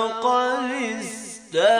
فقد استمتع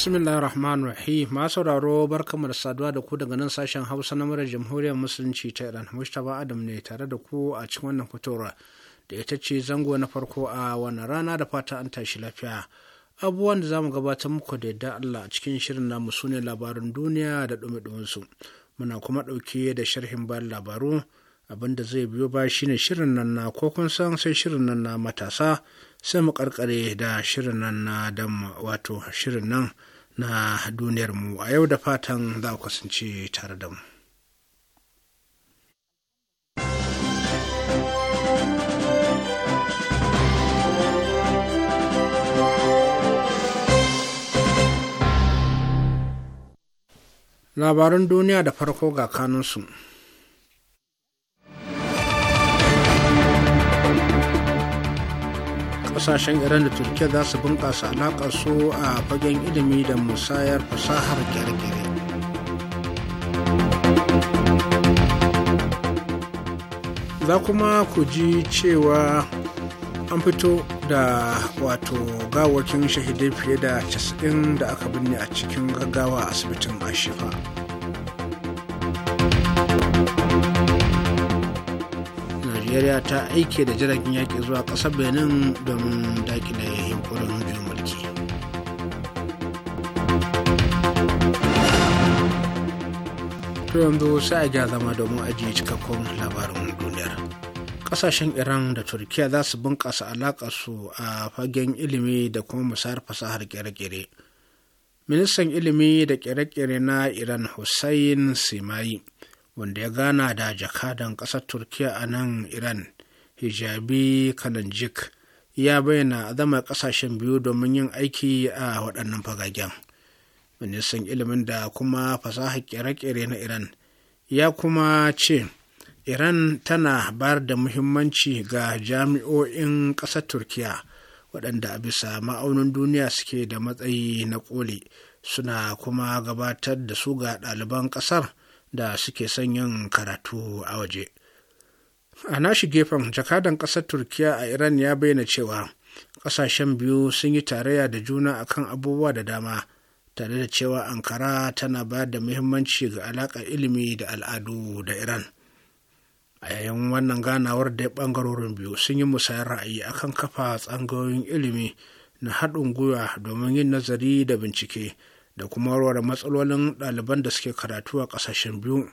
bismillah rahman rahim ma sauraro bar da saduwa da ku daga nan sashen hausa na murar jamhuriyar musulunci ta iran mustapha adam ne tare da ku a cikin wannan fitowar da ita ce zango na farko a wannan rana da fata an tashi lafiya abubuwan da zamu gabatar muku da yadda allah a cikin shirin namu mu ne labarin duniya da dumi su muna kuma ɗauke da sharhin bayan labaru abin da zai biyo ba shine shirin nan na ko kun san sai shirin nan na matasa sai mu karkare da shirin nan na dan wato shirin nan na duniyarmu a yau da fatan za ku kasance tare da mu. Labaran duniya da farko ga kanunsu. kasashen iran da turkiya za su bunƙasa alaƙa su a fagen ilimi da musayar fasahar kere za kuma ku ji cewa an fito da wato gawakin shahidai fiye da 90 da aka binne a cikin gaggawa a asibitin ashifa najeriya ta aike da jiragen yaƙi zuwa ƙasar benin domin daƙile yunkurin juyin mulki to yanzu sai a gya zama domin ajiye cikakkun labarin duniyar ƙasashen iran da turkiya za su bunƙasa su a fagen ilimi da kuma musayar fasahar ƙere ministan ilimi da kere-kere na iran hussein simayi wanda ya gana da jakadan ƙasar turkiya a nan iran hijabi kalanjik ya bayyana zama ƙasashen biyu domin yin aiki a waɗannan fagagen ministan ilimin da kuma fasaha kere-kere na iran ya kuma ce iran tana bayar da muhimmanci ga jami'o'in ƙasar turkiya waɗanda a bisa ma'aunin duniya suke da matsayi na ƙoli suna kuma gabatar da su ga ɗaliban ƙasar da suke son yin karatu a waje a nashi gefen jakadan ƙasar turkiyya a iran ya bayyana cewa ƙasashen biyu sun yi tarayya da juna akan abubuwa da dama tare da cewa ankara tana bayar da muhimmanci ga alaƙar ilimi da al'adu da iran a yayin wannan ganawar da ya ɓangarorin biyu sun yi musayar ra'ayi akan kafa tsangayoyin ilimi na haɗin gwiwa domin yin nazari da bincike da kuma warware matsalolin ɗaliban da suke karatu a ƙasashen biyu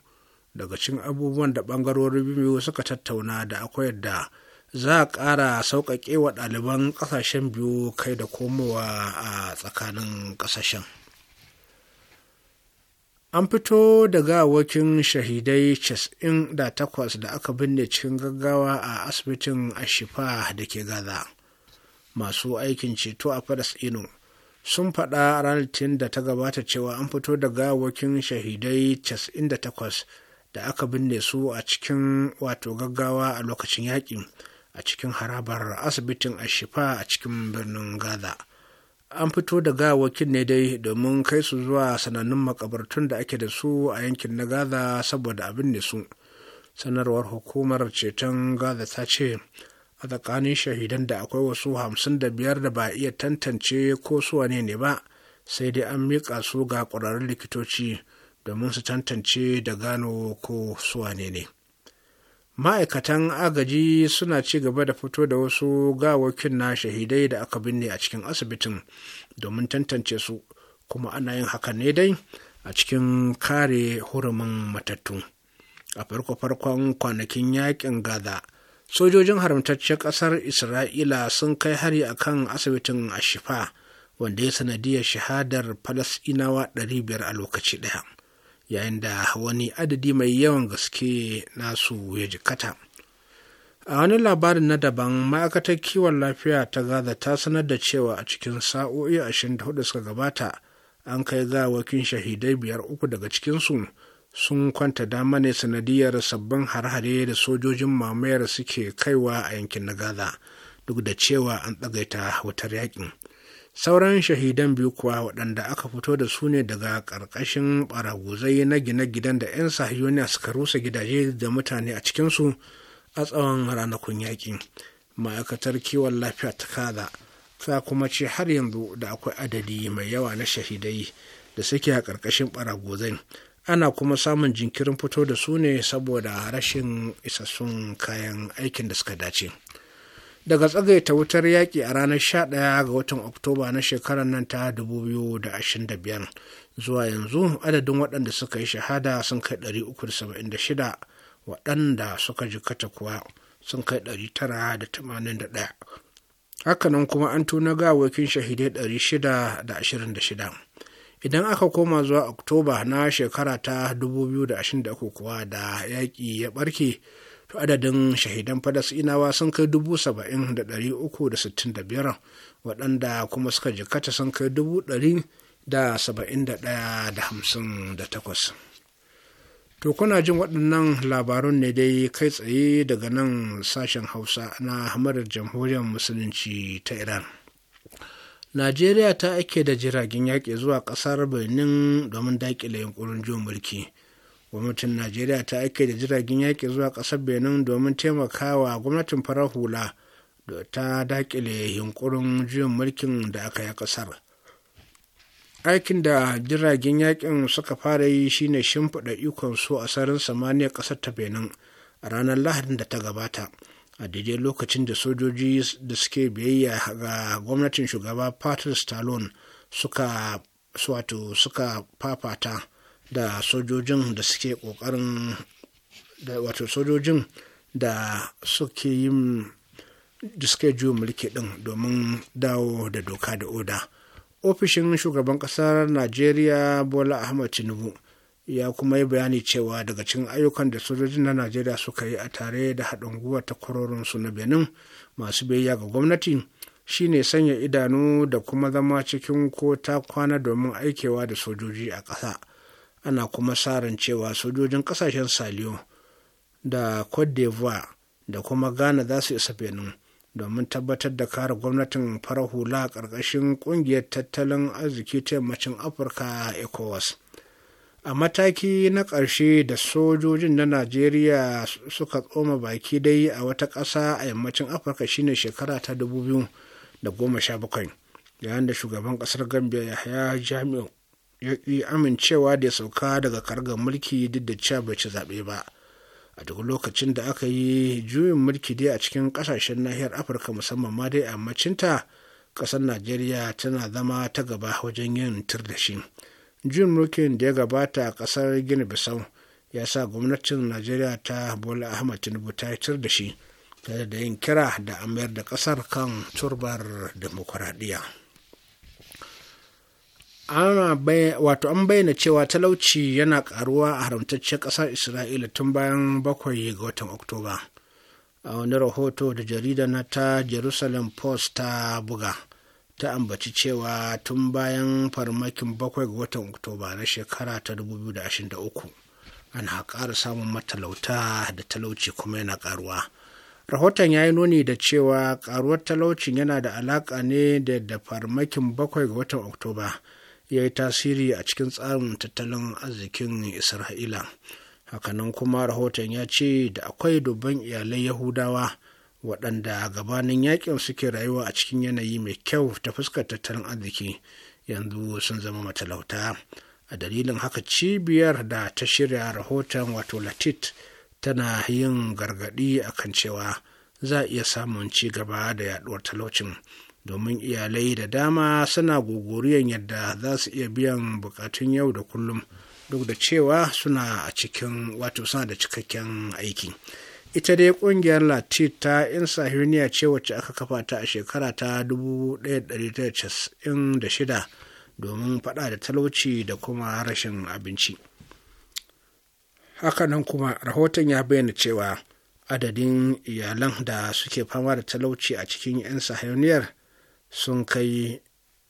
daga cin abubuwan da ɓangarorin biyu suka tattauna da akwai yadda za a ƙara sauƙaƙe wa ɗaliban ƙasashen biyu kai da komowa a tsakanin ƙasashen an fito da gawakin shahidai cas'in da takwas da aka binne cikin gaggawa a asibitin ashifa da ke gaza masu aikin ceto a falasɗinu sun faɗa a ranar da ta gabata cewa an fito da gawakin shahidai 98 da aka binne su a cikin wato gaggawa a lokacin yaƙi a cikin harabar asibitin ashifa a cikin birnin gaza an fito da gawakin ne dai domin kai su zuwa sanannun makabartun da ake da su a yankin na gaza saboda abin ne su sanarwar hukumar ceton gaza ta ce a tsakanin shahidan da akwai wasu hamsin da biyar da ba iya tantance ko su wane ne ba sai dai an miƙa su ga ƙwararrun likitoci domin su tantance da gano ko su wane ne ma'aikatan agaji suna ci gaba da fito da wasu gawakin na shahidai da aka binne a cikin asibitin domin tantance su kuma ana yin haka ne dai a cikin kare hurumin matattu a farko-farkon kwanakin yakin gaza sojojin haramtaccen ƙasar isra'ila sun kai hari a kan asibitin ashifa wanda ya sanadiyar shahadar falasinawa 500 a lokaci ɗaya yayin da wani adadi mai yawan gaske nasu ya jikata a wani labarin na daban ma'aikatar kiwon lafiya ta gaza ta sanar da cewa a cikin sa'o'i 24 suka gabata an kai gawakin shahidai biyar uku daga cikinsu sun kwanta dama ne sanadiyar sabbin har-hare da sojojin mamayar suke kaiwa a yankin na gaza duk da cewa an tsagaita wutar yakin sauran shahidan biyu kuwa waɗanda aka fito da su ne daga ƙarƙashin ɓaraguzai na gine gidan da 'yan sahiyoniya suka rusa gidaje da mutane a cikinsu a tsawon ranakun yaƙi ma'aikatar kiwon lafiya ta kaza ta kuma ce har yanzu da akwai adadi mai yawa na shahidai da suke a ƙarƙashin ɓaraguzai ana kuma samun jinkirin fito da su ne saboda rashin isassun kayan aikin da suka dace daga tsagaita wutar yaƙi a ranar 11 ga watan oktoba na shekarar nan ta 2025 zuwa yanzu adadin waɗanda suka yi shahada sun kai 376 waɗanda suka jikata kuwa sun kai 981 hakanan kuma an tuna gawakin shahidai 626 idan aka koma zuwa oktoba na shekara ta 2023 kuwa da yaƙi ya ɓarke to adadin shahidan inawa sun kai 70,365 waɗanda kuma suka jikata sun kai da takwas. to kuna jin waɗannan labarun ne dai kai tsaye daga nan sashen hausa na hamadar jamhuriyar musulunci ta iran najeriya ta ake da jiragen yaƙi zuwa ƙasar benin domin daƙile yunkurin juyin mulki gwamnatin najeriya ta ake da jiragen yaƙi zuwa ƙasar benin domin taimakawa gwamnatin farar hula da ta daƙile yunkurin juyin mulkin da aka yi ƙasar aikin da jiragen yaƙin suka fara yi shine shimfiɗa ikon su a sararin samaniya ƙasar ta benin a ranar lahadin da ta gabata a daidai lokacin da sojoji da suke biyayya ga gwamnatin shugaba patrice talon suka wato suka fafata da sojojin da suke kokarin da wato sojojin da suke yin da suke juyin mulki din domin dawo da doka da oda ofishin shugaban kasar najeriya bola ahmad tinubu ya kuma yi bayani cewa daga cikin ayyukan da sojojin na najeriya suka yi a tare da haɗin gwiwa ta kwarorinsu na benin masu biyayya ga gwamnati shine sanya idanu da kuma zama cikin ko ta kwana domin aikewa da sojoji a ƙasa ana kuma sa ran cewa sojojin ƙasashen saliyo da cote d'ivoire da kuma ghana za su isa benin domin tabbatar da kare gwamnatin farar hula a ƙarƙashin ƙungiyar tattalin arziki ta yammacin afirka ecowas a mataki na ƙarshe da sojojin na najeriya suka tsoma baki dai a wata ƙasa a yammacin afirka shine shekara ta 2017 yayin da shugaban ƙasar gambia haya jami'u ya yi amincewa da ya sauka daga kargar mulki duk da cewa bai ci zaɓe ba a duk lokacin da aka yi juyin mulki dai a cikin ƙasashen nahiyar afirka musamman ma dai a macinta ƙasar najeriya tana zama ta gaba wajen yin tur da shi jin mulkin da ya gabata a kasar gini bisau ya sa gwamnatin najeriya ta bola ahmad tinubu ta yi da shi tare da yin kira da a mayar da kasar kan turbar demokuraɗiyya wato an bayyana cewa talauci yana karuwa a haramtaccen ƙasar isra'ila tun bayan bakwai ga watan oktoba a wani rahoto da jarida na ta jerusalem post ta buga ta ambaci cewa tun bayan farmakin bakwai ga watan oktoba na shekara ta 2023 ana ƙara samun matalauta da talauci kuma yana ƙaruwa rahoton ya yi nuni da cewa ƙaruwar talaucin yana da alaƙa ne da da farmakin bakwai ga watan oktoba ya yi tasiri a cikin tsarin tattalin arzikin isra'ila hakanan kuma rahoton ya ce da akwai dubban iyalai yahudawa waɗanda gabanin yakin suke rayuwa a cikin yanayi mai kyau ta fuskar tattalin arziki yanzu sun zama matalauta a dalilin haka cibiyar da ta shirya rahoton wato latit tana yin gargaɗi a kan cewa za a iya samun ci gaba da yaɗuwar talaucin domin iyalai da dama suna gogoriyan yadda za su iya biyan bukatun yau da kullum duk da cewa suna a cikin wato suna da cikakken aiki. ita dai kungiyar lati ta insahirniya ce wacce aka kafa ta a shekara ta 1996 domin fada da talauci da kuma rashin abinci hakanan kuma rahoton ya bayyana cewa adadin iyalan da suke fama da talauci a cikin 'yan sahiyoniyar sun kai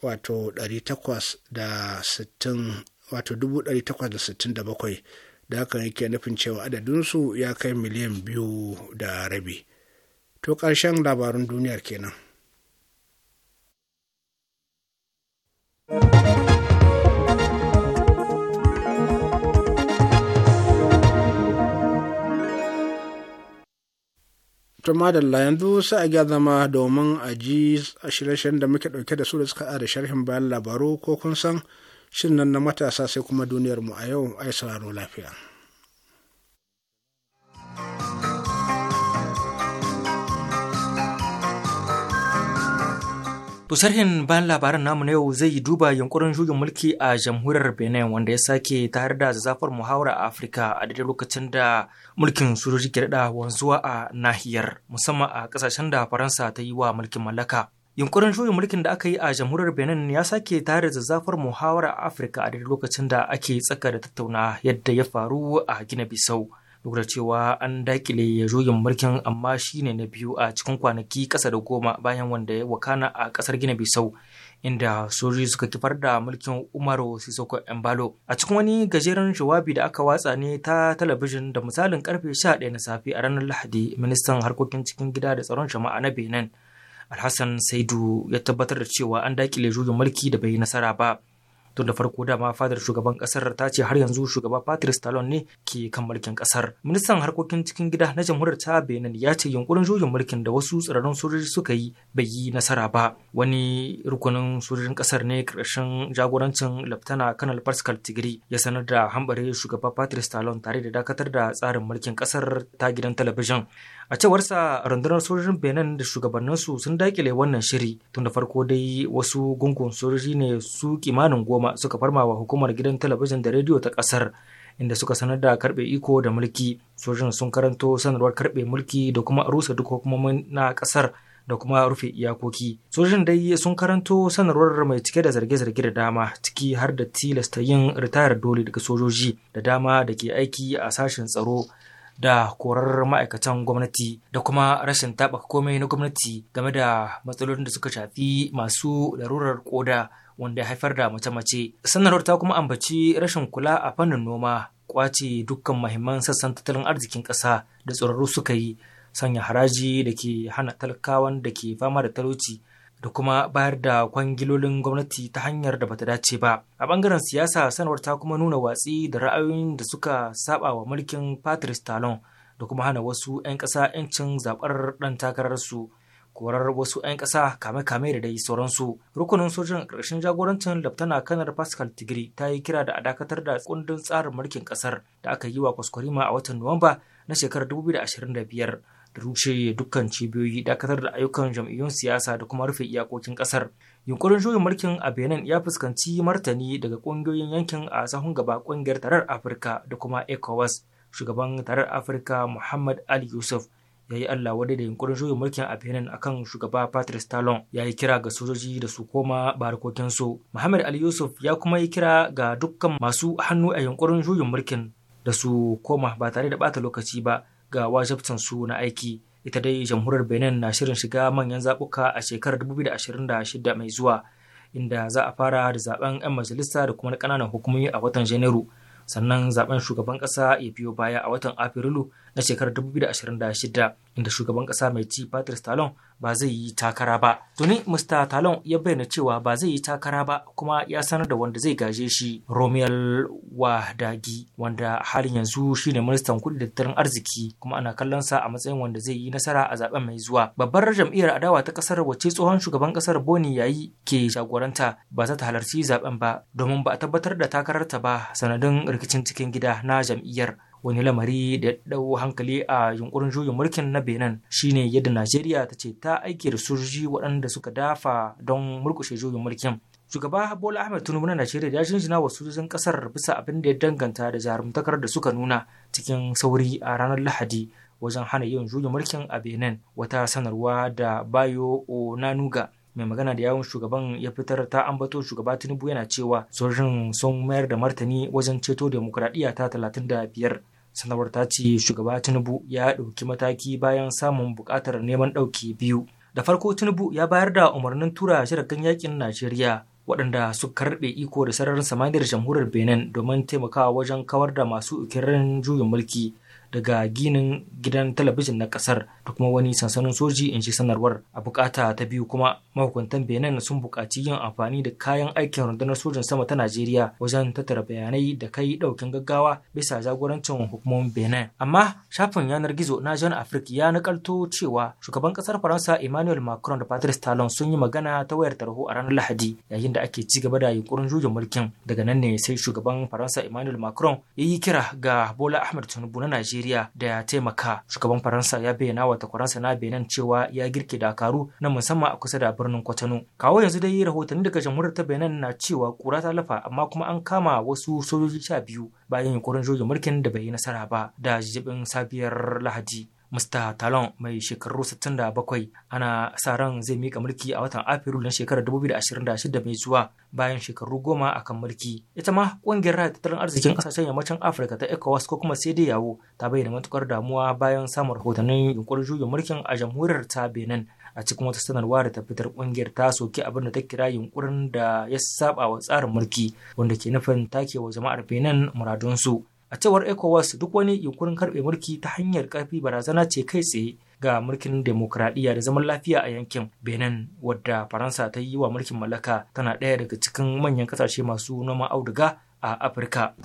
wato 867 da hakan yake nufin cewa adadinsu ya kai miliyan biyu da rabi to karshen labarun duniyar kenan to madalla yanzu sai a gya zama domin a ji shirye-shiryen da muke ɗauke da su da suka da sharhin bayan labaru ko kun san shin nan na matasa sai kuma duniyar mu a yau ai sauraro lafiya. To bayan labaran namu na yau zai duba yunkurin shugin mulki a jamhuriyar Benin wanda ya sake tare da zazzafar muhawara a Afirka a daidai lokacin da mulkin sojoji ke daɗa wanzuwa a nahiyar musamman a ƙasashen da Faransa ta yi wa mulkin mallaka. Yunkurin juyin mulkin da aka yi a jamhuriyar Benin ya sake tare zazzafar muhawara a Afirka a lokacin da ake tsaka da tattauna yadda ya faru a Gina Bisau. Duk da cewa an dakile ya juyin mulkin amma shine na biyu a cikin kwanaki kasa da goma bayan wanda ya wakana a kasar Gina Bisau. inda sojoji suka kifar da mulkin umaru sisoko embalo a cikin wani gajeren jawabi da aka watsa ne ta talabijin da misalin karfe 11 na safe a ranar lahadi ministan harkokin cikin gida da tsaron jama'a na benin alhassan saidu ya tabbatar da cewa an dakile juyin mulki da bai nasara ba tun da farko dama fadar shugaban kasar ta ce har yanzu shugaba patrice talon ne ke kan mulkin kasar ministan harkokin cikin gida na jamhuriyar ta benin ya ce yunkurin juyin mulkin da wasu tsirarun sojoji suka yi bai yi nasara ba wani rukunin sojojin kasar ne karshen jagorancin laftana kanal pascal tigiri ya sanar da hambare shugaba patrice talon tare da dakatar da tsarin mulkin kasar ta gidan talabijin A cewarsa rundunar sojojin Benin da shugabanninsu sun dakile wannan shiri tun da farko dai wasu gungun sojoji ne su kimanin goma suka farmawa hukumar gidan talabijin da rediyo ta kasar inda suka sanar da karbe iko da mulki sojojin sun karanto sanarwar karbe mulki da kuma rusa duk hukumomin na kasar da kuma rufe iyakoki sojojin dai sun karanto sanarwar mai cike da zarge-zarge da dama ciki har da tilasta yin ritayar dole daga sojoji da dama da ke aiki a sashen tsaro da korar ma'aikatan gwamnati da kuma rashin taɓaka komai na gwamnati game da matsalolin da suka shafi masu larurar koda wanda ya haifar da mace-mace. Sanarwar ta kuma ambaci rashin kula a fannin noma, kwace dukkan mahimman sassan tattalin arzikin ƙasa da tsoraru suka yi, sanya haraji da ke hana talakawan da ke fama da talauci da kuma bayar da kwangilolin gwamnati ta hanyar da bata dace ba a bangaren siyasa sanarwar ta kuma nuna watsi da ra'ayoyin da suka saba wa mulkin patrice talon da kuma hana wasu 'yan kasa 'yancin zaɓar ɗan takararsu korar wasu 'yan ƙasa kame-kame da dai sauransu. Rukunin Sojan ƙarshen jagorancin Laftana Kanar Pascal Tigiri ta yi kira da a dakatar da kundin tsarin mulkin ƙasar da aka yi wa kwaskwarima a watan Nuwamba na shekarar 2025. da rushe dukkan cibiyoyi dakatar da ayyukan jam'iyyun siyasa da kuma rufe iyakokin kasar yunkurin juyin mulkin a benin ya fuskanci martani daga ƙungiyoyin yankin a sahun gaba kungiyar tarar afirka da kuma ecowas shugaban tarar afirka muhammad ali yusuf ya yi allah wadai da yunkurin juyin mulkin a benin akan shugaba patrice talon ya yi kira ga sojoji da su koma barkokinsu muhammad ali yusuf ya kuma yi kira ga dukkan masu hannu a yunkurin juyin mulkin da su koma ba tare da bata lokaci ba ga su na aiki ita dai jamhuriyar benin na shirin shiga manyan zaɓuka a shekarar 2026 mai zuwa inda za a fara da zaben 'yan majalisa da kuma na ƙananan hukumomi a watan janairu sannan zaben shugaban ƙasa ya biyo baya a watan afrilu na shekarar 2026 inda shugaban ƙasa mai ci Patrice Talon ba zai yi takara ba. Tuni Mr. Talon ya bayyana cewa ba zai yi takara ba kuma ya sanar da wanda zai gaje shi Romuel Wadagi wanda halin yanzu shine ministan kudi da tattalin arziki kuma ana kallon sa a matsayin wanda zai yi nasara a zaben mai zuwa. Babbar jam'iyyar adawa ta ƙasar wacce tsohon shugaban ƙasar Boni yayi ke jagoranta ba za ta halarci zaben ba domin ba a tabbatar da takararta ba sanadin rikicin cikin gida na jam'iyyar. wani lamari da ya hankali a yunkurin juyin mulkin na benin shine yadda najeriya ta ce ta aiki da sojoji waɗanda suka dafa don murkushe juyin mulkin shugaba bola ahmed tinubu na najeriya ya jinjina wa sojojin ƙasar bisa abin da ya danganta da jarumtakar da suka nuna cikin sauri a ranar lahadi wajen hana yin juyin mulkin a benin wata sanarwa da bayo onanuga mai magana da yawun shugaban ya fitar ta ambato shugaba tinubu yana cewa sojin sun mayar da martani wajen ceto demokuraɗiyya ta talatin da biyar, sanarwar ta ce shugaba tinubu ya ɗauki mataki bayan samun buƙatar neman ɗauki biyu da farko tinubu ya bayar da umarnin tura shirakan yakin najeriya waɗanda suka karɓe iko da sararin samaniyar jamhuriyar benin domin taimakawa wajen kawar da masu ukirin juyin mulki daga ginin gidan talabijin na kasar da kuma wani sansanin soji in shi sanarwar a bukata ta biyu kuma mahukuntan benin sun bukaci yin amfani da kayan aikin rundunar sojin sama ta najeriya wajen tattara bayanai da kai ɗaukin gaggawa bisa jagorancin hukumomin benin amma shafin yanar gizo na jan Afrika ya nakalto cewa shugaban kasar faransa emmanuel macron da patrice talon sun yi magana ta wayar tarho a ranar lahadi yayin da ake ci gaba da yunkurin juyin mulkin daga nan ne sai shugaban faransa emmanuel macron ya yi kira ga bola ahmed tinubu na najeriya Najeriya da ya taimaka. Shugaban Faransa ya bayyana wa takwaransa na Benin cewa ya girke dakaru na musamman a kusa da birnin Kwatano. Kawo yanzu dai rahotanni daga jamhuriyar ta Benin na cewa kura ta lafa amma kuma an kama wasu sojoji sha biyu bayan yunkurin juya mulkin da bai yi nasara ba da jibin safiyar Lahadi. Mr. Talon mai shekaru 67 ana sa ran zai mika mulki a watan Afrilu na shekarar 2026 mai zuwa bayan shekaru goma a kan mulki. Ita ma ƙungiyar raya tattalin arzikin ƙasashen yammacin Afirka ta ECOWAS ko kuma sai yawo ta bayyana matukar damuwa bayan samun rahotannin yunkurin juyin mulkin a jamhuriyar ta Benin. A cikin wata sanarwa da ta fitar ƙungiyar ta soki abin da ta kira yunkurin da ya saba wa tsarin mulki wanda ke nufin take wa jama'ar Benin muradunsu. a cewar ecowas duk wani yunkurin karbe mulki ta hanyar karfi barazana ce kai tsaye ga mulkin demokradiyya da zaman lafiya a yankin benin wadda faransa ta yi wa mulkin mallaka tana ɗaya daga cikin manyan kasashe masu noman auduga a afirka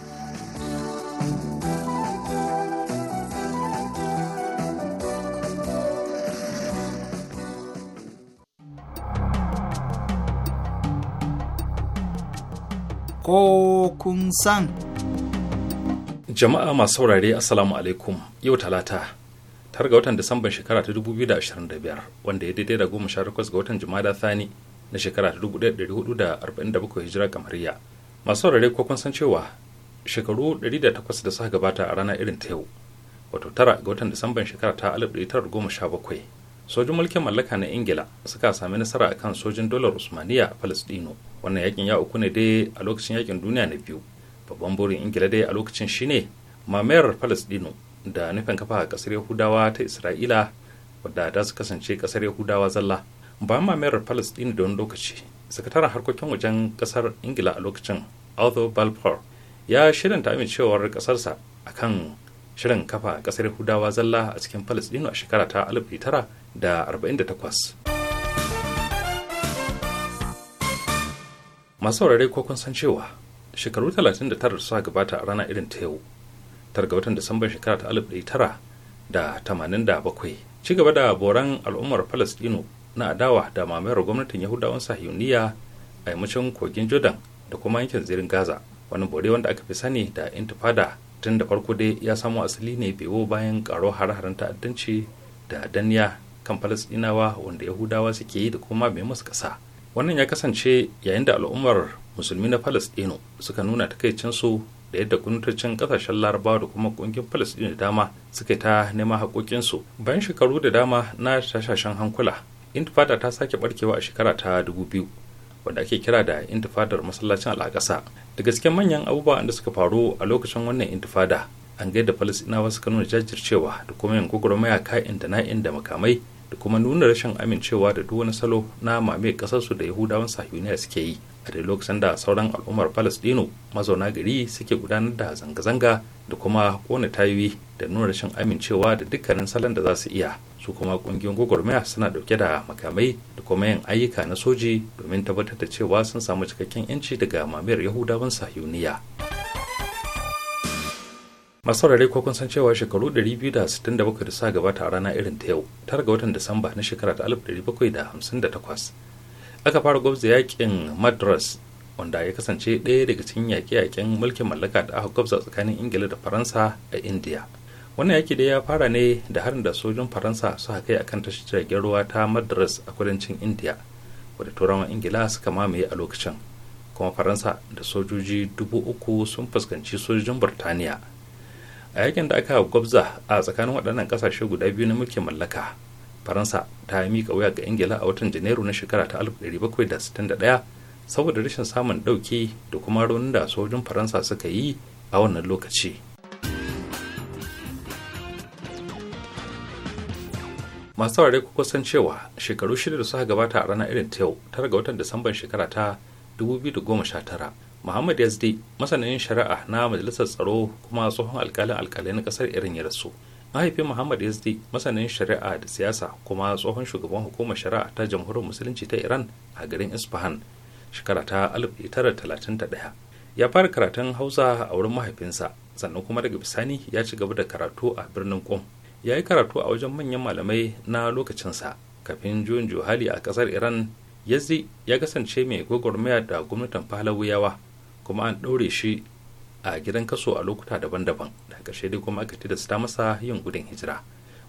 Ko kun san. jama'a masu saurare assalamu alaikum yau talata tar ga watan disamban shekara ta 2025 wanda ya daidai da goma sha takwas ga watan jumada thani na shekara ta 1447 hijira kamariya masu saurare ko kun san cewa shekaru 108 da suka gabata a rana irin ta yau wato tara ga watan disamban shekara ta 1917 sojin mulkin mallaka na ingila suka sami nasara akan sojin dolar usmaniya a palestino wannan yakin ya uku ne dai a lokacin yakin duniya na biyu babban burin ingila dai a lokacin shine mamayar palestino da nufin kafa a kasar yahudawa ta isra'ila wadda ta su kasance kasar yahudawa zalla bayan mamayar palestino da wani lokaci sakataren harkokin wajen kasar ingila a lokacin arthur balfour ya ta amincewar kasarsa kan shirin kafa kasar yahudawa zalla a cikin palestino a shekara ta tara 1948 masu saurare ko kun san cewa shekaru 39 suka gabata a rana irin ta yau targa watan disamban shekara ta 1987 ci gaba da boran al'ummar palestino na adawa da mamayar gwamnatin yahudawan sahiyuniya a yammacin kogin jordan da kuma yankin zirin gaza wani bore wanda aka fi sani da intifada tun da farko dai ya samo asali ne bewo bayan karo hare-haren ta'addanci da danniya kan Palestinawa wanda yahudawa suke yi da kuma mai musu kasa wannan ya kasance yayin da al'ummar musulmi na palestino suka nuna takaicinsu da yadda gwamnatocin kasashen larabawa da kuma kungiyar palestino da dama suka ta neman haƙoƙinsu bayan shekaru da dama na tashashen hankula intifada ta sake barkewa a shekara ta 2000 wanda ake kira da intifadar masallacin al'aƙasa da gaske manyan abubuwan da suka faru a lokacin wannan intifada an gaida palestinawa suka nuna jajircewa da kuma yin gwagwarmaya ka'in da na'in da makamai da kuma nuna rashin amincewa da duk wani salo na mame kasarsu da yahudawan sahiyuniya suke yi a dai lokacin da sauran al'ummar palestino mazauna gari suke gudanar da zanga-zanga da kuma kona tayoyi da nuna rashin amincewa da dukkanin salon da za su iya su kuma kungiyoyin gwagwarmaya suna dauke da makamai da kuma yin ayyuka na soji domin tabbatar da cewa sun samu cikakken yanci daga mamayar yahudawan sahiyuniya masu rarrai ko kun san cewa shekaru 267 da sa gabata a rana irin ta yau tara ga watan disamba na shekara ta 1758 aka fara gwabza yakin madras wanda ya kasance ɗaya daga cikin yaƙe-yaƙen mulkin mallaka da aka gwabza tsakanin ingila da faransa a india wannan yaƙi da ya fara ne da harin da sojin faransa suka kai akan tashar jiragen ruwa ta madras a kudancin india wadda turawan ingila suka mamaye a lokacin kuma faransa da sojoji dubu uku sun fuskanci sojojin burtaniya a yakin da aka gwabza a tsakanin waɗannan ƙasashe guda biyu na mulkin mallaka faransa ta yi mika wuya ga ingila a watan janairu na shekara ta 1761 saboda rashin samun ɗauki da kuma raunin da sojin faransa suka yi a wannan lokaci masu saurare kuka san cewa shekaru shida da suka gabata a ranar irin ta yau tara ga watan disamban shekara ta 2019 muhammad yazdi masanin shari'a na majalisar tsaro kuma tsohon alkalin alkalai na kasar irin ya rasu mahaifin muhammad yazdi masanin shari'a da siyasa kuma tsohon shugaban hukumar shari'a ta jamhuriyar musulunci ta iran a garin isfahan shekara ta 1931 ya fara karatun hausa a wurin mahaifinsa sannan kuma daga bisani ya ci gaba da karatu a birnin kom ya yi karatu a wajen manyan malamai na lokacinsa kafin juyin juhali a kasar iran yazdi ya kasance mai gwagwarmaya da gwamnatin falawuyawa kuma an ɗaure shi a gidan kaso a lokuta daban-daban karshe ƙarshe dai kuma aka tilasta masa yin gudun hijira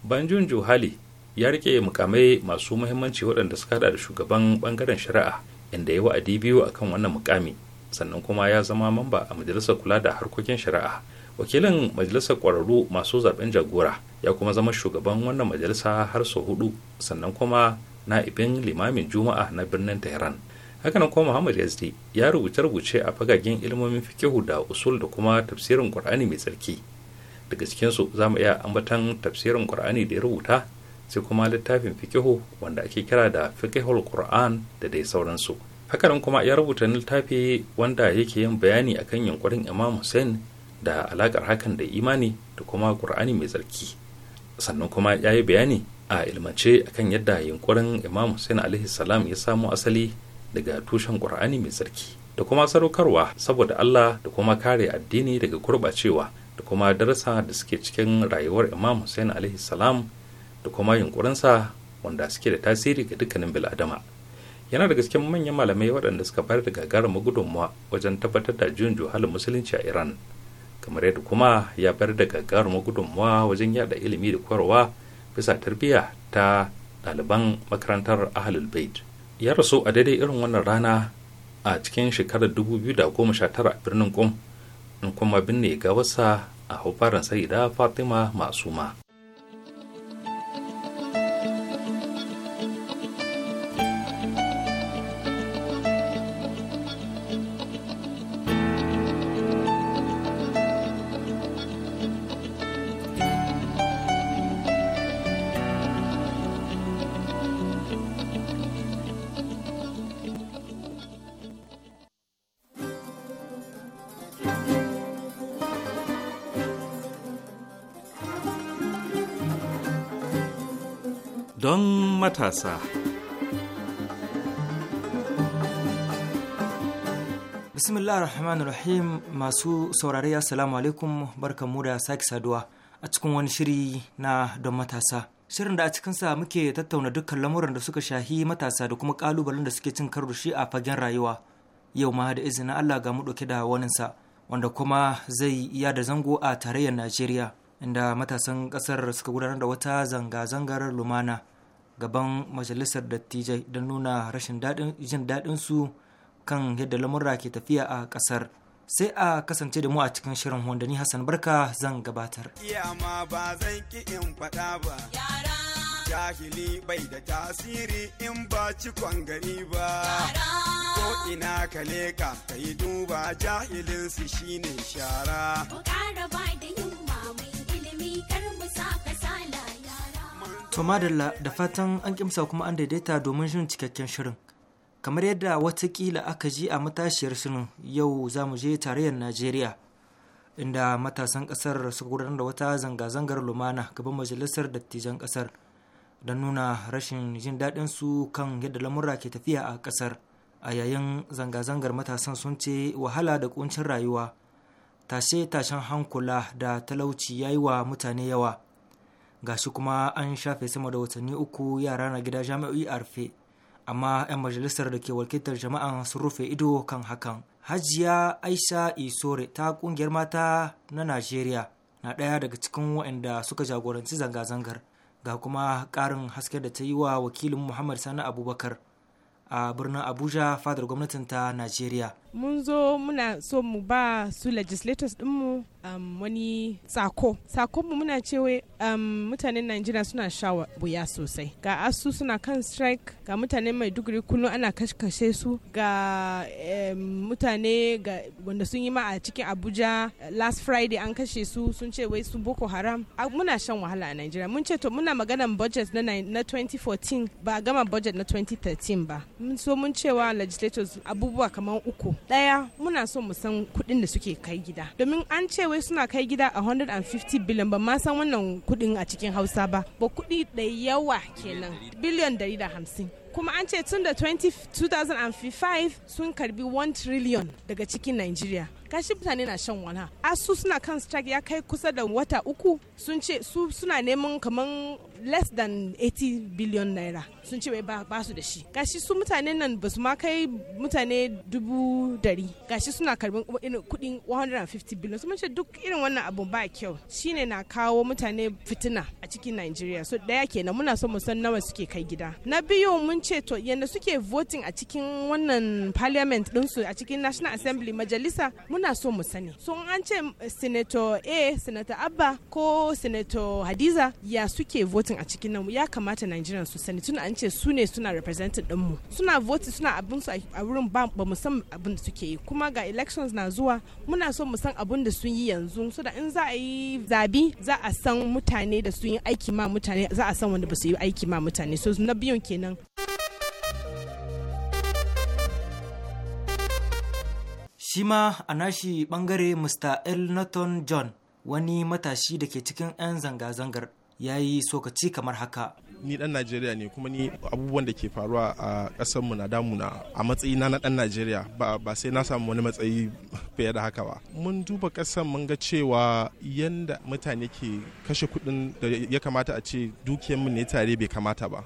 bayan juyin juhali ya rike mukamai masu muhimmanci waɗanda suka hada da shugaban bangaren shari'a inda ya wa'adi biyu akan wannan mukami sannan kuma ya zama mamba a majalisar kula da harkokin shari'a wakilin majalisar ƙwararru masu zaben jagora ya kuma zama shugaban wannan majalisa har sau hudu sannan kuma na'ibin limamin juma'a na birnin tehran nan kuma muhammad yazdi ya rubuce rubuce a fagagen ilmomin fikihu da usul da kuma tafsirin qur'ani mai tsarki daga cikinsu za mu iya ambatan tafsirin qur'ani da ya rubuta sai kuma littafin fikihu wanda ake kira da fiqhul qur'an da dai sauransu hakanan kuma ya rubuta littafi wanda yake yin bayani akan yunkurin imam hussein da alakar hakan da imani da kuma qur'ani mai tsarki sannan kuma ya yi bayani a ilmace akan yadda yunkurin imam hussein alaihi salam ya samo asali daga tushen qur'ani mai tsarki da kuma sadaukarwa saboda allah da kuma kare addini daga gurɓacewa da kuma darasa da suke cikin rayuwar imam hussein alaihi salam da kuma yunkurinsa wanda suke da tasiri ga dukkanin bil'adama yana daga cikin manyan malamai waɗanda suka bayar da gagarumar gudunmawa wajen tabbatar da juyin juhalin musulunci a iran kamar yadda kuma ya bayar da gagarumar gudunmawa wajen yada ilimi da koyarwa bisa tarbiyya ta ɗaliban makarantar ahlul bait ya rasu a daidai irin wannan rana a cikin shekarar 2019 a birnin kum. in kuma binne wasa a sai da fatima masu ma. matasa. Bismillah rahman rahim masu saurari assalamu alaikum barkanmu da sake saduwa a cikin wani shiri na don matasa. Shirin da a cikinsa muke tattauna dukkan lamuran da suka shahi matasa da kuma kalubalen da suke cin karo shi a fagen rayuwa. Yau ma da izinin Allah ga mu ɗauke da waninsa wanda kuma zai iya da zango a tarayyar Najeriya. inda matasan ƙasar suka gudanar da wata zanga-zangar lumana gaban majalisar dattijai don nuna rashin jin daɗin su kan yadda lamurra ke tafiya a ƙasar sai a kasance da mu a cikin shirin wanda ni hassan barka zan gabatar iyama ba zan ki in faɗa ba jahili bai da tasiri in ba ci gari ba ko ina ka leka ka yi duba jahilin su ne shara ba da yin mai ilimi kar mu sa fasala. To madalla da fatan an kimsa kuma an daidaita domin shirin cikakken shirin. Kamar yadda watakila aka ji a matashiyar shirin yau za mu je tarayyar Najeriya. Inda matasan ƙasar suka gudanar da wata zanga-zangar lumana gaban majalisar dattijan ƙasar don nuna rashin jin daɗin su kan yadda lamurra ke tafiya a ƙasar. A yayin zanga-zangar matasan sun ce wahala da ƙuncin rayuwa, tashe-tashen hankula da talauci yayi wa mutane yawa. gashi kuma an shafe sama da watanni uku yara na gida jami'o'i a rufe amma 'yan majalisar da ke wakiltar jama'a sun rufe ido kan hakan hajiya aisha isore ta kungiyar mata na najeriya na ɗaya daga cikin waɗanda suka jagoranci zanga-zangar ga kuma ƙarin haske da ta yi wa wakilin muhammad sani abubakar a birnin abuja fadar gwamnatin ta najeriya mun zo muna so mu ba su legislators dinmu um, wani sako sakonmu muna cewa um, mutanen najeriya suna sha buya sosai ga asu suna kan strike ga mutane maiduguri kullum ana kashe su ga mutane wanda sun yi ma a cikin abuja last friday an kashe su sun ce wai su boko haram a, muna shan wahala a najeriya mun ce to muna maganan budget na, na 2014 ba gama budget na 2013 ba mun so mun cewa legislators abubuwa kamar uku daya muna so mu san kuɗin da suke kai gida domin an ce wai suna kai gida a 150 billion. ba ma san wannan kuɗin a cikin hausa ba ba kuɗi da yawa kenan biliyan 150 kuma an ce tun da 2005 sun karbi 1 trillion daga cikin Nigeria gashi mutane na shan wani su suna kan strike ya kai kusa da wata uku sun ce su suna neman kamar less than 80 billion naira sun ce ba, ba su da shi gashi su mutane nan ba su ma kai mutane dubu dari gashi suna karbin kudin 150 billion sun ce duk irin wannan abu ba kyau shine na kawo mutane fitina a cikin nigeria so daya kenan muna so mu san nawa suke kai gida na biyu mun ce to yanda suke voting a cikin wannan parliament ɗinsu a cikin National Assembly majalisa muna so mu sani so an ce eh, senator a senator abba ko senator hadiza ya suke voting a cikin nan ya kamata nigerians su sani tun an ce su ne suna representing mu suna voting suna abin su a wurin ba mu san abin da suke yi kuma ga elections na zuwa muna so mu san abin da sun yi yanzu so da in za a yi zabi za a san mutane da sun yi aiki ma mutane za a san wanda ba su yi aiki ma mutane so na biyun kenan Shi ma a nashi ɓangare Mr. Elnaton John wani matashi da ke cikin 'yan zanga-zangar ya yi sokaci kamar haka. Ni dan Najeriya ne kuma ni abubuwan da ke faruwa a kasar mu na damuna a matsayi na dan Najeriya ba sai na samu wani matsayi fiye da haka ba. Mun duba kasar mun ga cewa yanda mutane ke kashe kudin da ya kamata a ce dukiyar mu ne tare bai kamata ba.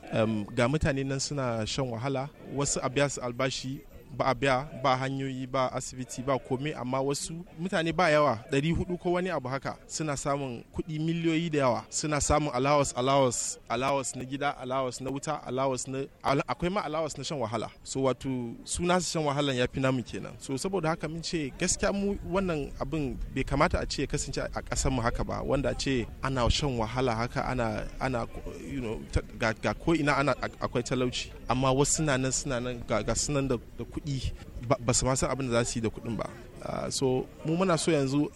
Ga mutane nan suna shan wahala wasu a albashi ba a biya ba hanyoyi ba asibiti ba komai amma wasu mutane ba yawa ɗari hudu ko wani abu haka suna samun kuɗi miliyoyi da yawa suna samun alawas alawas alawas na gida alawas na wuta alawas na akwai ma alawas na shan wahala so wato suna su shan wahalan ya fi namu kenan so saboda haka mun ce gaskiya mu wannan abin bai kamata a ce kasance a ƙasar mu haka ba wanda ce ana shan wahala haka ana ana you know ga ko ina ana akwai talauci amma wasu na nan suna nan ga sunan da kuɗi ba su san abin da za su yi da kuɗin ba ah, so mu muna so yanzu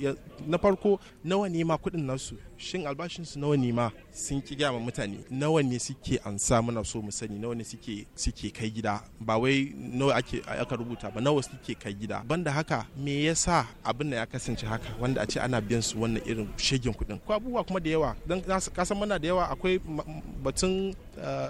na farko nawa ne ma kuɗin nasu shin albashinsu nawa ne ma sun ki gaya mutane nawa ne suke ansa muna so mu sani nawa ne suke suke kai gida ba wai nawa ake aka rubuta ba nawa suke kai gida banda haka me yasa abin da ya kasance haka wanda a ce ana biyan su wannan irin shegin kuɗin ko abubuwa kuma da yawa dan kasan muna da yawa akwai batun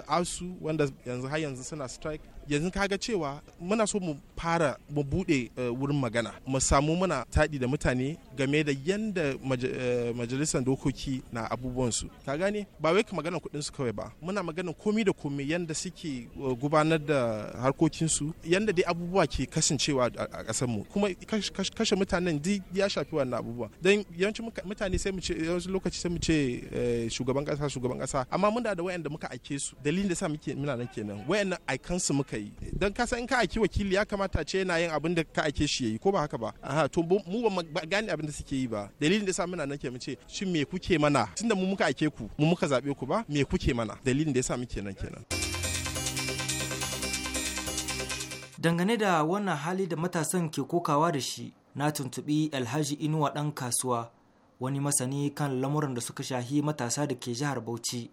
asu ah, wanda yanzu har yanzu suna strike yanzu kaga cewa muna so mu fara mu bude eh, wurin magana mu samu muna taɗi da mutane game da yanda eh, majalisar dokoki na abubuwan su ka gane ba wai ka magana su kawai ba muna magana komi da komi yanda suke eh, gudanar da harkokinsu yanda dai abubuwa ke kasancewa a kasar mu kuma kashe mutanen di ya shafi wannan abubuwa don yawancin mutane sai mu ce yawancin lokaci sai mu ce shugaban ƙasa shugaban ƙasa amma muna da wayanda muka aike su dalilin da sa muke muna nan kenan wayannan aikansu muka ka yi don kasa in ka aiki wakili ya kamata ce yana yin abin da ka aike shi yayi ko ba haka ba aha to mu ba gane abin da suke yi ba dalilin da yasa muna ke mu ce shin me kuke mana tunda mu muka aike ku mu muka zabe ku ba me kuke mana dalilin da yasa muke nan kenan dangane da wannan hali da matasan ke kokawa da shi na tuntubi alhaji inuwa dan kasuwa wani masani kan lamuran da suka shahi matasa da ke jihar bauchi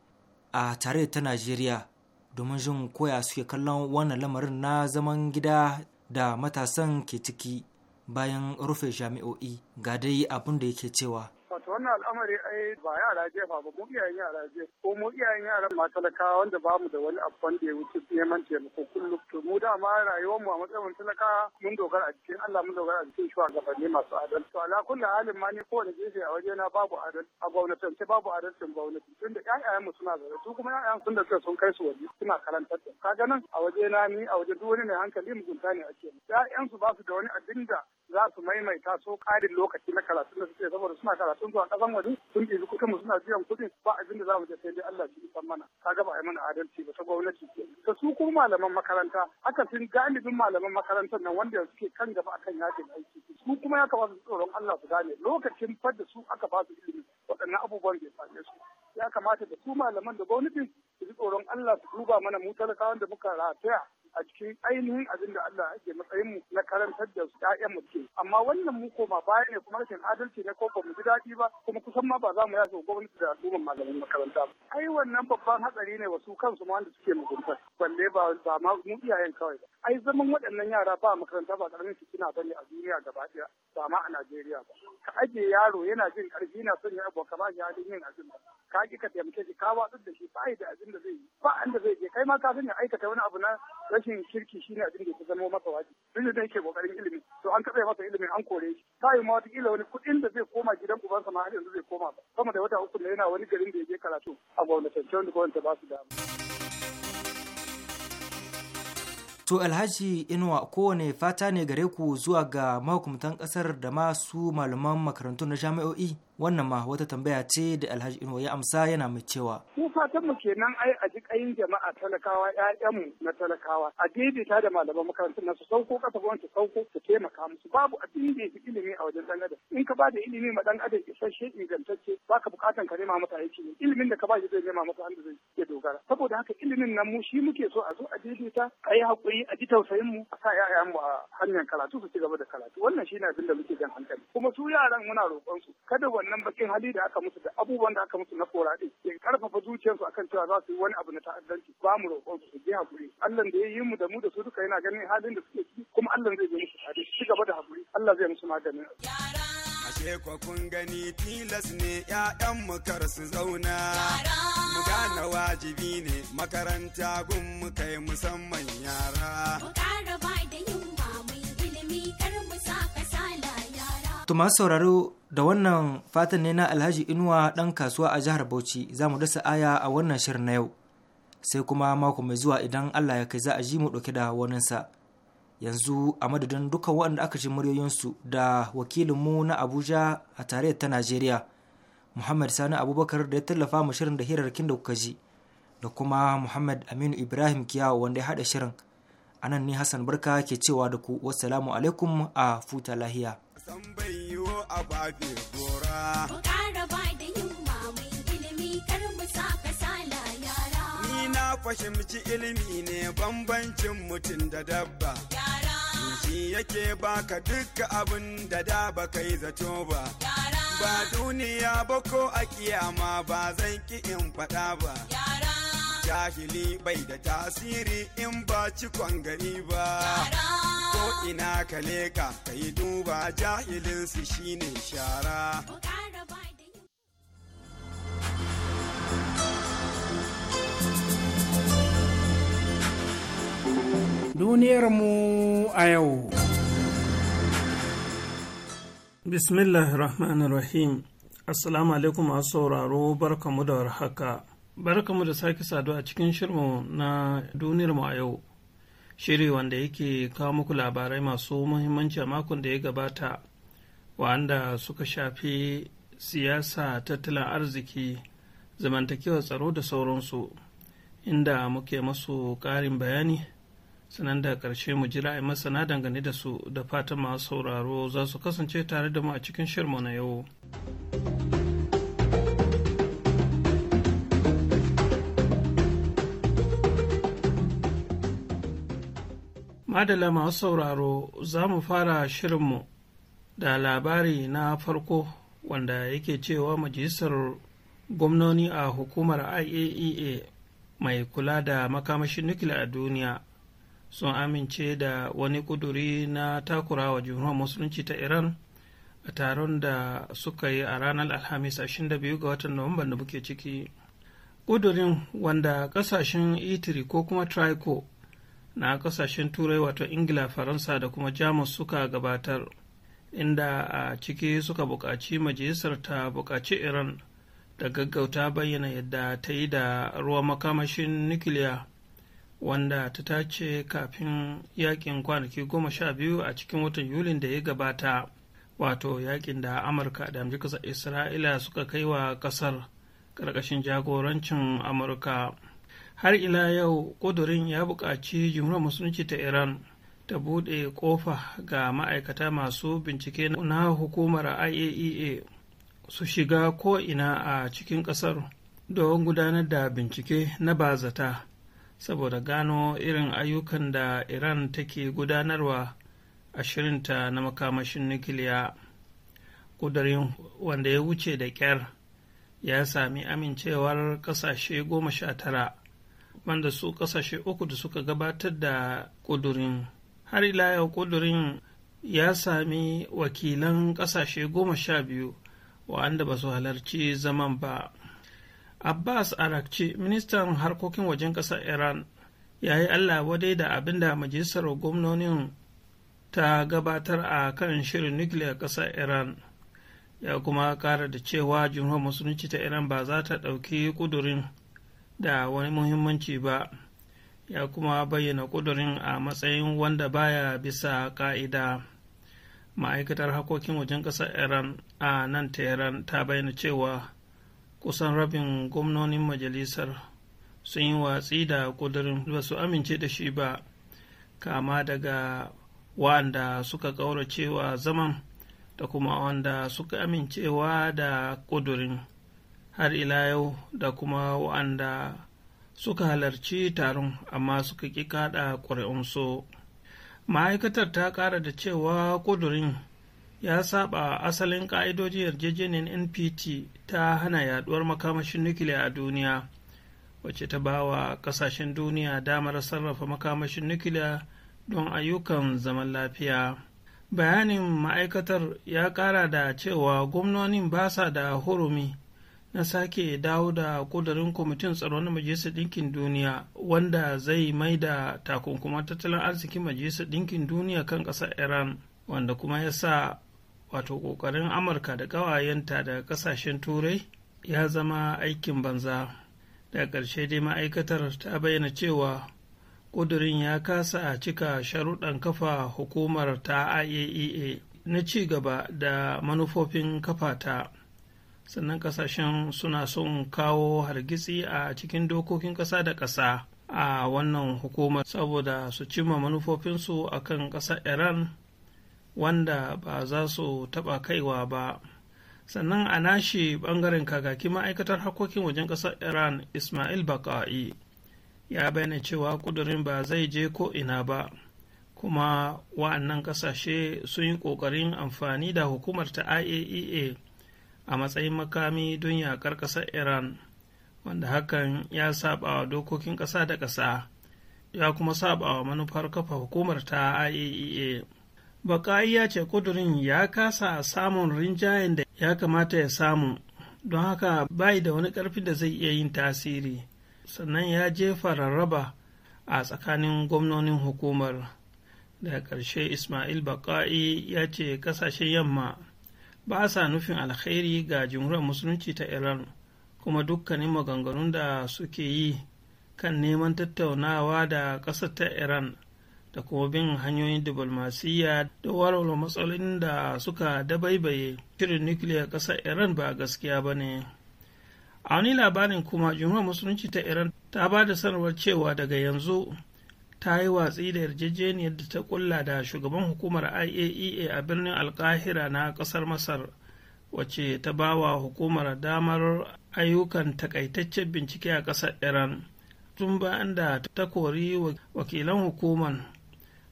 a tare ta najeriya domin jin koya suke kallon wannan lamarin na zaman gida da matasan ke ciki bayan rufe jami'o'i ga dai abin da yake cewa wannan al'amari ai ba yara jefa ba mu iyayen yara je ko mu iyayen yara ma talakawa wanda ba mu da wani abban da ya wuce neman taimako kullum to mu dama rayuwar mu a matsayin talakawa mun dogara a cikin Allah mun dogara a cikin shugabanni masu adal. to ala kulli halin ma ni kowane gefe a waje na babu adal? a gwamnatance babu adalcin gwamnati tunda ƴaƴayen mu suna zaune su kuma ƴaƴan sun da sun kai su waje suna karantar da kaga nan a waje na ni a waje duk wani mai hankali mugunta ne ake ƴaƴan su ba su da wani abin da za su maimaita so ƙarin lokaci na karatu da suke saboda suna karatun zuwa kasan waje sun ɗi kuɗin mu suna biyan kuɗin ba abin da za mu je sai dai Allah shi san mana Ka ba a mana adalci ba ta gwamnati ce ta su kuma malaman makaranta haka sun galibin malaman makarantar nan wanda suke kan gaba akan yajin aiki su kuma ya kamata su tsoron Allah su gane lokacin da su aka ba su ilimi waɗannan abubuwan bai same su ya kamata da su malaman da gwamnatin su ji tsoron Allah su duba mana mu talakawan da muka rataya a cikin ainihin abin da Allah ake matsayin mu na karantar da su yayan mu amma wannan mu koma baya ne kuma rashin adalci ne ko ba mu ji daɗi ba ba kuma kusan ma ba za mu yaso gwamnati da al'ummar malamin makaranta ba ai wannan babban hatsari ne wasu kansu ma wanda suke mugunta balle ba ba ma mu iyayen kawai ba ai zaman waɗannan yara ba makaranta ba karamin fitina bane a duniya gaba ɗaya ba ma a Najeriya ba ka ajiye yaro yana jin ƙarfi yana son ya abokan ba ya yin azumi ka ki ka taimake shi ka watsar da shi ba da abin da zai yi ba an da zai je kai ma ka sani aikata wani abu na rashin kirki shine abin da ya zama masa wajibi duk da yake kokarin ilimi to an kaɓe masa ilimi an kore shi ta ma wata wani kuɗin da zai koma gidan ubansa kamar har yanzu zai koma ba sama da wata uku ne yana wani garin da ya je karatu a gwamnatance wanda gwamnati ba su dama. To Alhaji Inuwa kowane fata ne gare ku zuwa ga mahukumtan ƙasar da masu malaman makarantu na jami'o'i? wannan ma wata tambaya ce da alhaji inuwa ya amsa yana mai cewa mu fatan mu kenan ai a ji kayin jama'a talakawa ƴaƴanmu na talakawa a ta da malaman makarantar nasu sauko kasa wancan sauko ka taimaka musu babu abin da yafi ilimi a wajen dan in ka ba da ilimi ma dan adam isasshe ingantacce baka bukatan ka nema masa aiki ne ilimin da ka shi zai nema masa hannu zai ya dogara saboda haka ilimin nan mu shi muke so a zo a daidaita a yi haƙuri a ji tausayin mu a sa mu a hanyar karatu su ci gaba da karatu wannan shine abin da muke jan hankali kuma su yaran muna roƙon su kada wannan anan, bakin hali da aka musu da abubuwan da aka musu na kora din ya karfafa zuciyarsu akan cewa za su yi wani abu na ta'addanci ba mu roƙon su je hakuri Allah da ya yi mu da mu da su duka yana ganin halin da suke ciki kuma Allah zai je musu tare ci gaba da hakuri Allah zai musu maganin Ashe kwa kun gani tilas ne mu kar su zauna mu gane wajibi ne makaranta gun mu kai musamman yara To masu sauraro da wannan fatan ne na Alhaji Inuwa ɗan kasuwa a jihar Bauchi za mu dasa aya a wannan shirin na yau. Sai kuma mako mai zuwa idan Allah ya kai za a ji mu ɗauke da waninsa. Yanzu a madadin dukkan waɗanda aka ji muryoyinsu da wakilinmu na Abuja a tarayyar ta Najeriya. Muhammad Sani Abubakar da ya tallafa mu shirin da hirarkin da kuka ji da kuma Muhammad Aminu Ibrahim Kiyawa wanda ya haɗa shirin. Anan ni Hassan Barka ke cewa da ku wassalamu alaikum a futa lahiya. san bai yiwo a babe gora. Mu ƙara ba da himma mai ilimi kar mu sa fasala, yara. Ni na fahimci ilimi ne bambancin mutum da dabba. Yara. Shi yake baka dukka abin da da baka yi zato ba. Yara. Ba duniya ba ko a kiyama ba zan ki in faɗa ba. Yara. jahili bai da tasiri in ba cikon gari ba ko ina ka leka ka yi duba jahilinsu shine shara Duniyar mu a yau bismillahir rahmanir rahim assalamu alaikum a sauraro barkamu da warhaka mu da sake sadu a cikin shirmu na duniyar mu a yau, shiri wanda yake kawo muku labarai masu muhimmanci a makon da ya gabata, wanda suka shafi siyasa, tattalin arziki, zamantakewar tsaro da sauransu, inda muke masu ƙarin bayani, sanan da ƙarshe mu jira a masana dangane da su da fatan masu sauraro za su kasance tare da mu a cikin shirmu na yau. madala masu sauraro za mu fara shirinmu da labari na farko wanda yake cewa majalisar gwamnoni a hukumar iaea e mai kula da makamashin nukila a duniya sun amince da wani kuduri na takura takurawa jumhuriyar musulunci ta iran a taron da suka yi a ranar alhamis 22 ga watan nuwamban da muke ciki kudurin wanda kasashen itiri ko kuma trico na kasashen turai wato ingila faransa da kuma jamus suka gabatar inda a ciki suka buƙaci majalisar ta buƙaci iran da gaggauta bayyana yadda ta yi da ruwa makamashin nukiliya wanda ta tace kafin yakin kwanaki goma sha biyu a cikin watan yulin da ya gabata wato yakin da amurka da amurka isra'ila suka kai wa kasar ƙarƙashin jagorancin amurka har ila yau ƙudurin ya buƙaci jumhuriyar musulunci ta iran ta buɗe ƙofa ga ma'aikata masu bincike na hukumar iaea e su shiga ko'ina a cikin ƙasar don gudanar da bincike na bazata saboda gano irin ayyukan da iran take gudanarwa a shirinta na makamashin nukiliya ƙudurin wanda ya wuce da ƙyar ya sami amincewar ƙasashe goma sha tara wanda su kasashe uku da suka gabatar da ƙudurin har ila yau ƙudurin ya sami wakilan ƙasashe goma sha biyu wa'anda ba su halarci zaman ba abbas arakci ministan harkokin wajen ƙasar iran ya yi allah wadai da abin da majalisar gwamnonin ta gabatar a kan shirin nukiliyar ƙasar iran ya kuma kara da cewa jumhuriyar musulunci ta iran ba za ta ɗauki ƙudurin da wani muhimmanci ba ya kuma bayyana ƙudurin a matsayin wanda baya bisa ƙa'ida ma'aikatar harkokin wajen ƙasar iran a nan tehran ta bayyana cewa kusan rabin gwamnonin majalisar sun yi watsi da ƙudurin ba su amince da shi ba kama daga wanda suka cewa zaman da kuma wanda suka amincewa da ƙudurin har ila yau da kuma wa'anda suka halarci taron amma suka ƙi kaɗa ƙuri'unsu ma'aikatar ta ƙara da cewa ƙudurin ya saba asalin ƙa'idojin yarjejeniyar npt ta hana yaduwar makamashin nukiliya a duniya wacce ta ba wa ƙasashen duniya damar sarrafa makamashin nukiliya don ayyukan zaman lafiya bayanin ma'aikatar ya ƙara da cewa gwamnonin ba sa da hurumi na sake dawo da kudurin kwamitin tsaro na majalisar ɗinkin duniya wanda zai mai da takunkuma tattalin arzikin majalisar ɗinkin duniya kan ƙasar iran wanda kuma ya sa wato ƙoƙarin amurka da ƙawayenta daga ƙasashen turai ya zama aikin banza daga ƙarshe dai ma'aikatar ta bayyana cewa ƙudurin ya kasa cika sharuɗan kafa hukumar ta iaea e na ci gaba da manufofin kafa ta sannan kasashen suna son kawo hargitsi a cikin dokokin ƙasa da ƙasa a wannan hukumar saboda su cimma manufofinsu a kan ƙasar iran wanda ba za su taɓa kaiwa ba sannan a nashi ɓangaren kagaki ma'aikatar harkokin wajen ƙasar iran ismail baka'i ya bayyana cewa ƙudurin ba zai je ko ina ba kuma wa'annan ƙasashe sun yi ƙoƙarin amfani da hukumar ta iaea e a matsayin makami don yaƙar ƙasar iran wanda hakan ya saba wa dokokin ƙasa da ƙasa ya kuma saba wa manufar kafa hukumar ta iaea e baƙa'i ya ce kudurin ya kasa samun rinjayen da ya kamata ya samu don haka bai da wani ƙarfi da zai iya yin tasiri sannan ya jefa rarraba a tsakanin gwamnonin hukumar daga ƙarshe ismail baƙa'i ya ce ƙasashen yamma ba sa nufin alkhairi ga jumhuriyar musulunci ta iran kuma dukkanin maganganun da suke yi kan neman tattaunawa da ƙasar ta iran da kuma bin hanyoyin diplomasiyya da warware matsalolin da suka dabaibaye shirin nukiliyar ƙasar iran ba gaskiya ba ne a wani labarin kuma jumhuriyar musulunci ta iran ta ba da sanarwar cewa daga yanzu ta yi watsi da yarjejeniyar da ta kulla da shugaban hukumar iaea e a birnin alkahira na kasar masar wace ta ba wa hukumar damar ayyukan takaitaccen bincike a kasar iran tun bayan da ta kori wakilan hukumar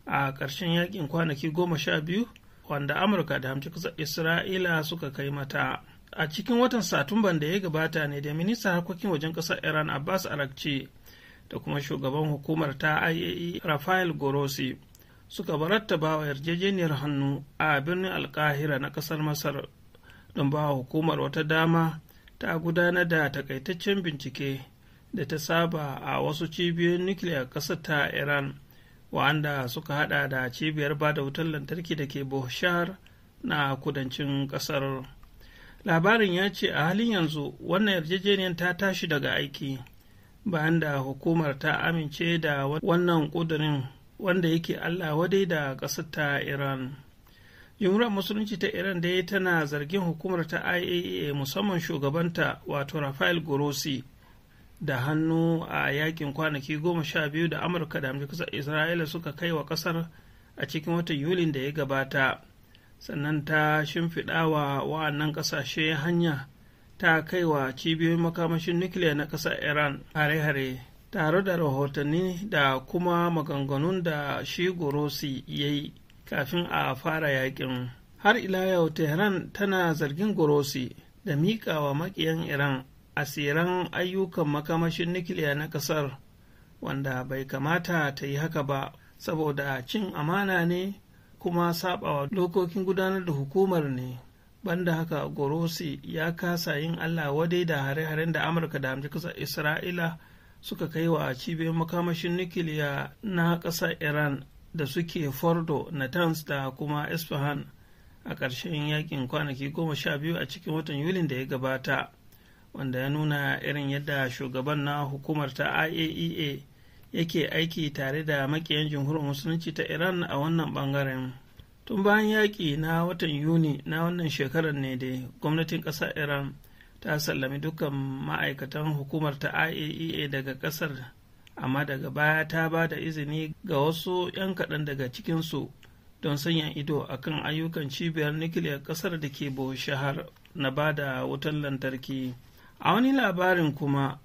a karshen yakin kwanaki goma sha biyu wanda amurka da hamci kasar isra'ila suka kai mata a cikin watan satumban da ya gabata ne da ministan harkokin wajen ƙasar iran abbas arakci da kuma shugaban hukumar ta IAE Rafael Gorosi suka ba wa yarjejeniyar hannu a birnin alkahira na kasar Masar don ba hukumar wata dama ta gudanar da takaitaccen bincike da ta saba a wasu cibiyoyin nukiliyar ƙasar ta Iran wa'anda suka hada da cibiyar ba da wutar lantarki da ke Bohshar na kudancin ƙasar. Labarin ya ce a halin yanzu wannan yarjejeniyar ta tashi daga aiki. bayan da hukumar ta amince da wannan ƙudurin wanda yake Allah wadai da ƙasar ta Iran. Jumhuriyar Musulunci ta Iran dai tana zargin hukumar ta IAEA e musamman shugabanta wato Rafael Grossi da hannu a yakin kwanaki goma sha biyu da Amurka da Amurka Isra'ila suka kai wa ƙasar a cikin watan Yulin da ya gabata. Sannan ta shimfiɗa wa wa'annan ƙasashe hanya ta kai wa cibiyoyin makamashin nukiliya na ƙasar iran hare-hare tare da rahotanni da kuma maganganun da shi gorosi ya yi kafin a fara yakin har ila yau tehran tana zargin gorosi da miƙawa maƙiyan iran asiran ayyukan makamashin nukiliya na ƙasar wanda bai kamata ta yi haka ba saboda cin amana ne kuma saɓawa dokokin gudanar da hukumar ne banda haka gorosi ya kasa yin allah wadai da hare-haren da amurka da hamji isra'ila suka kai wa cibiyar makamashin nukiliya na ƙasar iran da suke fordo natanz da kuma isfahan a ƙarshen yakin kwanaki goma sha biyu a cikin watan yulin da ya gabata wanda ya nuna irin yadda shugaban na hukumar ta iaea e yake aiki tare da makiyan jamhuriyar musulunci ta iran a wannan bangaren. tun bayan yaƙi na watan yuni na wannan shekarar ne dai gwamnatin ƙasar iran ta sallami dukkan ma'aikatan hukumar ta iaea e daga ƙasar amma daga baya ta ba da izini ga wasu 'yan kaɗan daga cikinsu don sanya ido a kan ayyukan cibiyar nukiliyar ƙasar da ke shahar na ba da wutan lantarki a wani labarin kuma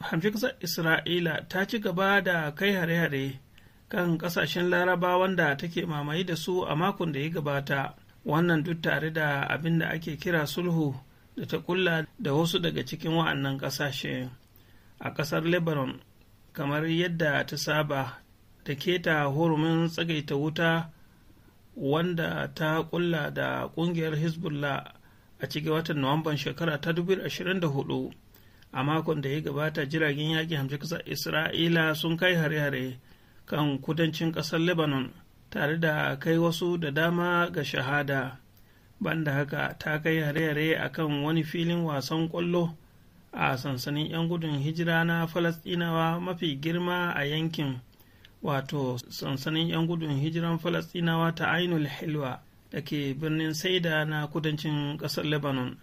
hamshi ƙasar isra'ila ta ci gaba da kai hare-hare kan ƙasashen laraba wanda take mamaye da su a makon da ya gabata wannan duk tare da abin da ake kira sulhu da ta kulla da wasu daga cikin wa'annan ƙasashe a ƙasar lebanon kamar yadda ta saba da keta hurumin tsagaita wuta wanda ta kulla da ƙungiyar hezbollah a cikin watan nuwamban shekara ta 2024 a makon da ya gabata jiragen yaƙi hamsin kusa isra'ila sun kai hare-hare kan kudancin ƙasar lebanon tare da kai wasu da dama ga shahada banda haka ta kai hare-hare a kan wani filin wasan ƙwallo a sansanin 'yan gudun hijira na falasɗinawa mafi girma a yankin wato sansanin 'yan gudun hijiran falasɗinawa ta ainul hilwa da ke birnin saida na kudancin ƙasar lebanon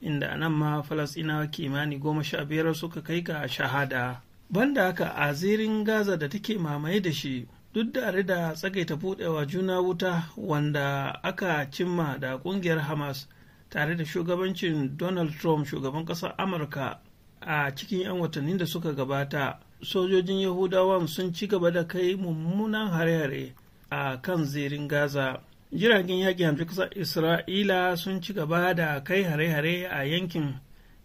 inda nan ma falasɗinawa kimani goma sha biyar suka kai ga shahada banda haka a zirin gaza da take mamaye da shi duk da da tsagaita budewa juna wuta wanda aka cimma da kungiyar hamas tare da shugabancin donald trump shugaban kasar amurka a cikin 'yan watannin da suka gabata sojojin yahudawan sun ci gaba da kai mummunan hare-hare a kan zirin gaza jiragen yaƙi hamsin kasar isra'ila sun ci gaba da kai hare-hare a yankin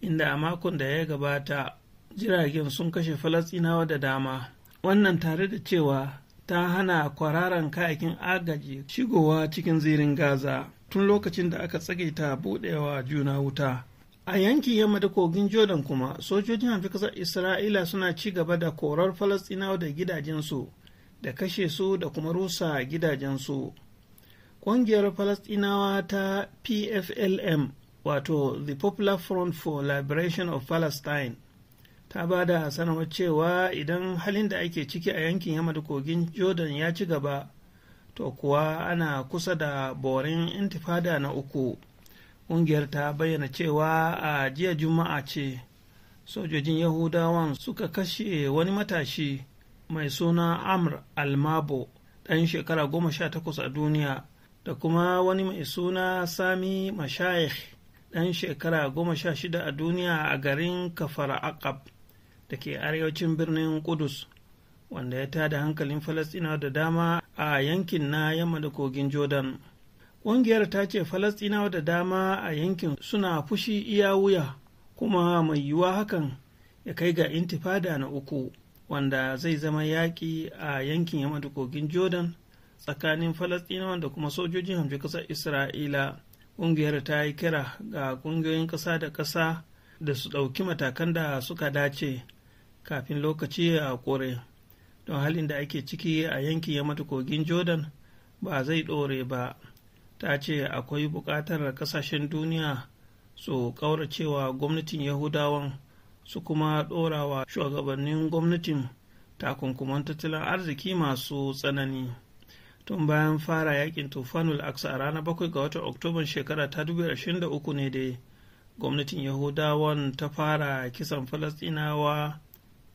inda a makon da ya gabata jiragen sun kashe falasinawa da dama wannan tare da cewa ta hana kwararan kayakin agaji shigowa cikin zirin gaza tun lokacin da aka tsage ta budewa juna wuta a yanki yamma da kogin jordan kuma sojojin hafi kasar isra'ila suna ci gaba da korar falastinawa da gidajensu da kashe su da kuma rusa gidajensu ƙungiyar falastinawa ta pflm wato the popular front for liberation of palestine ta ba da sanarwar cewa idan halin da ake ciki a yankin yamma da kogin jordan ya ci gaba to kuwa ana kusa da borin intifada na uku ƙungiyar ta bayyana cewa a jiya juma'a ce sojojin yahudawan suka kashe wani matashi mai suna amr almabo ɗan shekara goma sha takwas a duniya da kuma wani mai suna sami mashayikh ɗan shekara goma sha shida a duniya a garin kafar aqab da ke arewacin birnin Kudus wanda ya tada hankalin Falasɗinawa da dama a yankin na yamma da kogin Jordan. Ƙungiyar ta ce Falasɗinawa da dama a yankin suna fushi iya wuya kuma mai yiwuwa hakan ya kai ga intifada na uku wanda zai zama yaƙi a yankin yamma da kogin Jordan tsakanin Falasɗinawa da kuma sojojin hamshe ƙasar Isra'ila. Ƙungiyar ta yi kira ga ƙungiyoyin ƙasa da ƙasa da su ɗauki matakan da suka dace kafin lokaci a kore don halin da ake ciki a yankin yamata kogin jordan ba zai ɗore ba ta ce akwai buƙatar ƙasashen duniya su ƙauracewa gwamnatin yahudawan su kuma ɗorawa shugabannin gwamnatin takunkuman tattalin arziki masu tsanani tun bayan fara yakin tufanul aksa a ranar 7 ga watan oktoban shekara ta 2023 ne dai gwamnatin yahudawan ta fara kisan falasɗinawa.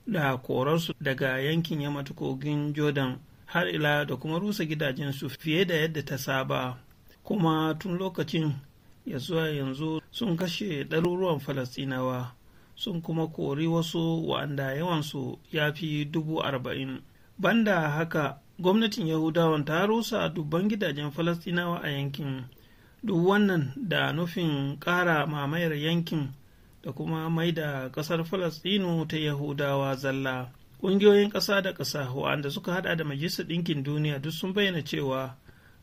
da korarsu daga yankin yamata kogin jordan har ila da kuma rusa gidajensu fiye da yadda ta saba kuma tun lokacin ya zuwa yanzu sun kashe ɗaruruwan falastinawa sun kuma kori wasu wa'anda yawansu ya fi dubu arba'in banda haka gwamnatin yahudawan ta rusa dubban gidajen falastinawa a yankin duk wannan da nufin ƙara mamayar yankin da kuma mai da ƙasar Falasɗinu ta Yahudawa zalla. Ƙungiyoyin ƙasa da ƙasa waɗanda suka hada da Majalisar Ɗinkin Duniya duk sun bayyana cewa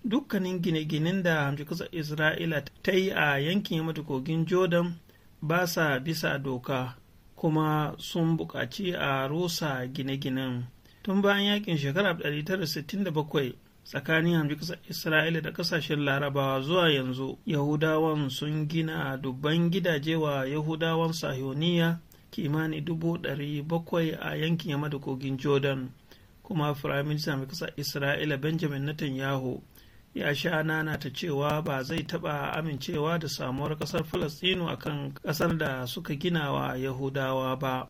dukkanin gine-ginen da ƙasar Isra'ila ta yi a yankin matukogin Jordan ba sa bisa doka kuma sun buƙaci a rusa gine-ginen. Tun bayan yakin shekarar 1967 tsakanin hamjikasar isra'ila da kasashen larabawa zuwa yanzu yahudawan sun gina dubban gidaje wa yahudawan sahioniya kimani dubu ɗari bakwai a yankin yamma da kogin jordan kuma mai kasa isra'ila benjamin netanyahu ya sha nana ta cewa ba zai taɓa amincewa da samuwar ƙasar falastinu akan ƙasar da suka gina wa yahudawa ba.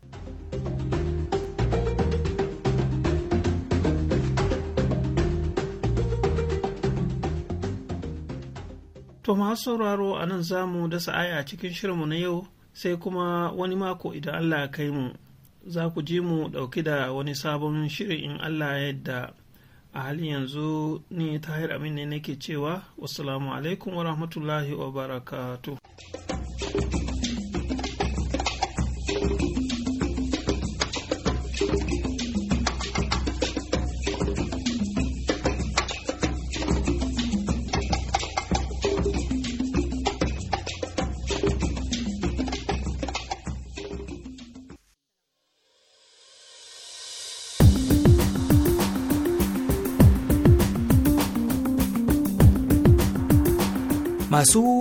To masu sauraro a nan za mu dasa aya cikin shirinmu na yau sai kuma wani mako idan Allah ya kai mu za ku ji mu ɗauki da wani sabon shirin in Allah yadda a halin yanzu ni tahir amin ne nake cewa wasu alaikum wa rahmatullahi wa barakatu.